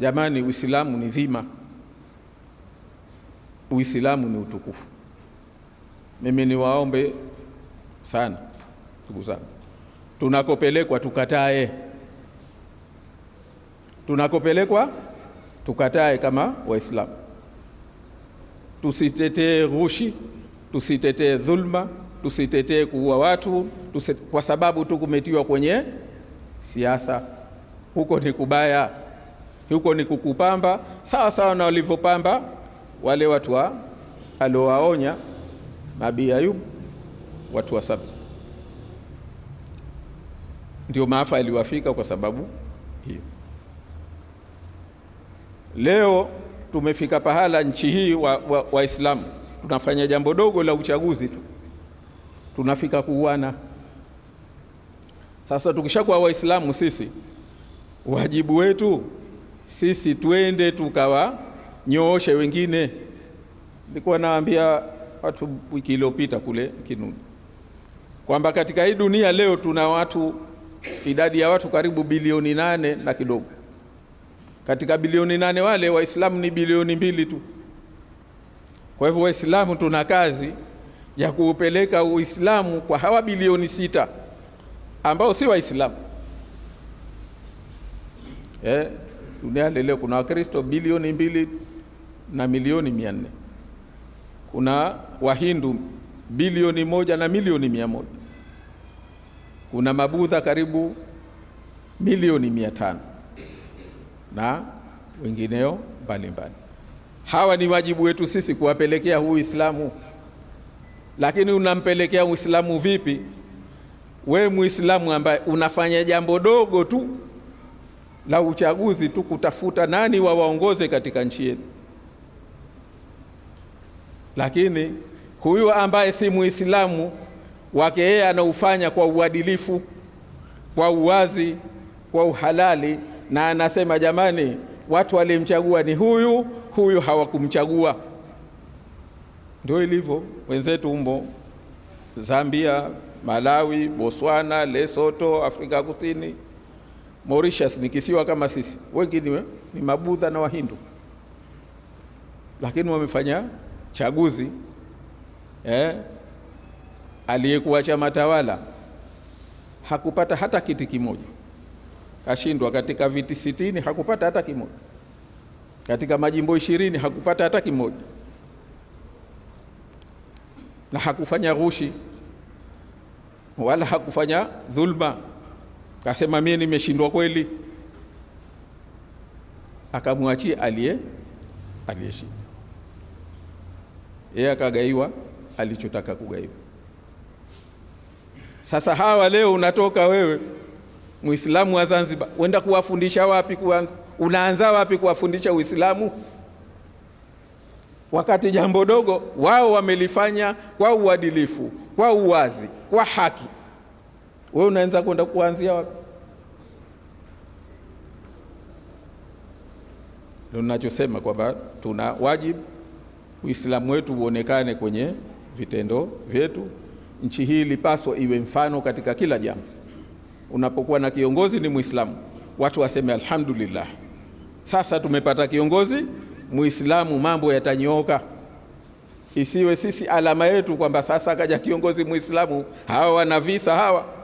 Jamani, Uislamu ni dhima, Uislamu ni utukufu. Mimi niwaombe sana ndugu zangu, tunakopelekwa tukatae, tunakopelekwa tukatae kama Waislamu, tusitetee rushi, tusitetee dhulma, tusitetee kuua watu tusitetee, kwa sababu tu kumetiwa kwenye siasa, huko ni kubaya huko ni kukupamba sawa sawa na walivyopamba wale watu wa aliowaonya Nabii Ayub, watu wa Sabt. Ndio maafa yaliwafika kwa sababu hiyo. Leo tumefika pahala nchi hii Waislamu wa, wa tunafanya jambo dogo la uchaguzi tu tunafika kuuana. Sasa tukishakuwa Waislamu sisi, wajibu wetu sisi twende tukawa nyooshe wengine. Nilikuwa naambia watu wiki iliyopita kule Kinuni kwamba katika hii dunia leo tuna watu, idadi ya watu karibu bilioni nane na kidogo. Katika bilioni nane wale Waislamu ni bilioni mbili tu. Kwa hivyo Waislamu tuna kazi ya kuupeleka Uislamu kwa hawa bilioni sita ambao si Waislamu eh. Duniani leo kuna Wakristo bilioni mbili na milioni mia nne kuna Wahindu bilioni moja na milioni mia moja kuna Mabudha karibu milioni mia tano na wengineo mbalimbali. Hawa ni wajibu wetu sisi kuwapelekea huu Uislamu, lakini unampelekea Uislamu vipi? We Muislamu ambaye unafanya jambo dogo tu la uchaguzi tu kutafuta nani wawaongoze katika nchi yetu, lakini huyu ambaye si Muislamu wake yeye anaufanya kwa uadilifu, kwa uwazi, kwa uhalali, na anasema jamani, watu walimchagua ni huyu huyu, hawakumchagua. Ndio ilivyo wenzetu umbo Zambia, Malawi, Botswana, Lesotho, Afrika Kusini. Mauritius ni kisiwa kama sisi, wengi ni, ni mabudha na Wahindu, lakini wamefanya chaguzi eh, aliyekuwa chama tawala hakupata hata kiti kimoja, kashindwa katika viti sitini, hakupata hata kimoja, katika majimbo ishirini hakupata hata kimoja, na hakufanya rushi wala hakufanya dhulma. Kasema mie nimeshindwa kweli, akamwachia aliye aliyeshinda. Yeye akagaiwa alichotaka kugaiwa. Sasa hawa leo unatoka wewe Muislamu wa Zanzibar, wenda kuwafundisha wapi? Kuwa, unaanza wapi kuwafundisha Uislamu wakati jambo dogo wao wamelifanya kwa uadilifu, kwa uwazi, kwa haki wewe unaanza kwenda kuanzia wapi? Ndio ninachosema kwamba tuna wajibu Uislamu wetu uonekane kwenye vitendo vyetu. Nchi hii ilipaswa iwe mfano katika kila jambo. Unapokuwa na kiongozi ni Muislamu, watu waseme alhamdulillah, sasa tumepata kiongozi Muislamu, mambo yatanyooka. Isiwe sisi alama yetu kwamba sasa akaja kiongozi Muislamu, hawa wana visa hawa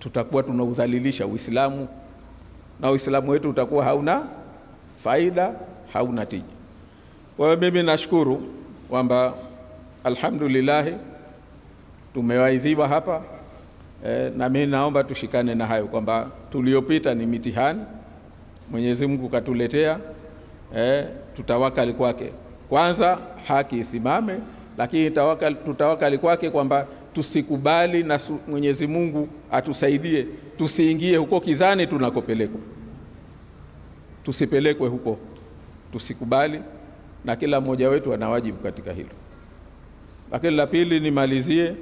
tutakuwa tunaudhalilisha Uislamu na Uislamu wetu utakuwa hauna faida, hauna tija. Kwa hiyo mimi nashukuru kwamba alhamdulillah tumewaidhiwa hapa e, na mimi naomba tushikane na hayo kwamba tuliopita ni mitihani Mwenyezi Mungu katuletea, e, tutawakali kwake kwanza, haki isimame, lakini tutawakali kwake kwamba tusikubali, na Mwenyezi Mungu atusaidie tusiingie huko kizani tunakopelekwa, tusipelekwe huko, tusikubali, na kila mmoja wetu ana wajibu katika hilo. Lakini la pili, nimalizie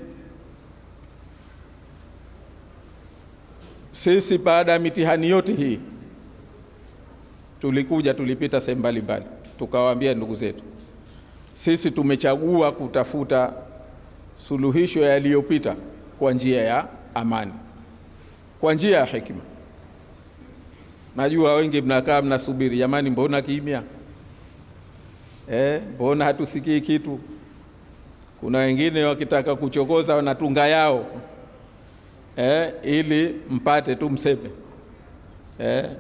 sisi baada ya mitihani yote hii tulikuja, tulipita sehemu mbalimbali, tukawaambia ndugu zetu, sisi tumechagua kutafuta suluhisho yaliyopita kwa njia ya amani, kwa njia ya hekima. Najua wengi mnakaa mnasubiri, jamani, mbona kimya eh? Mbona hatusikii kitu? Kuna wengine wakitaka kuchokoza wanatunga yao eh, ili mpate tu mseme eh.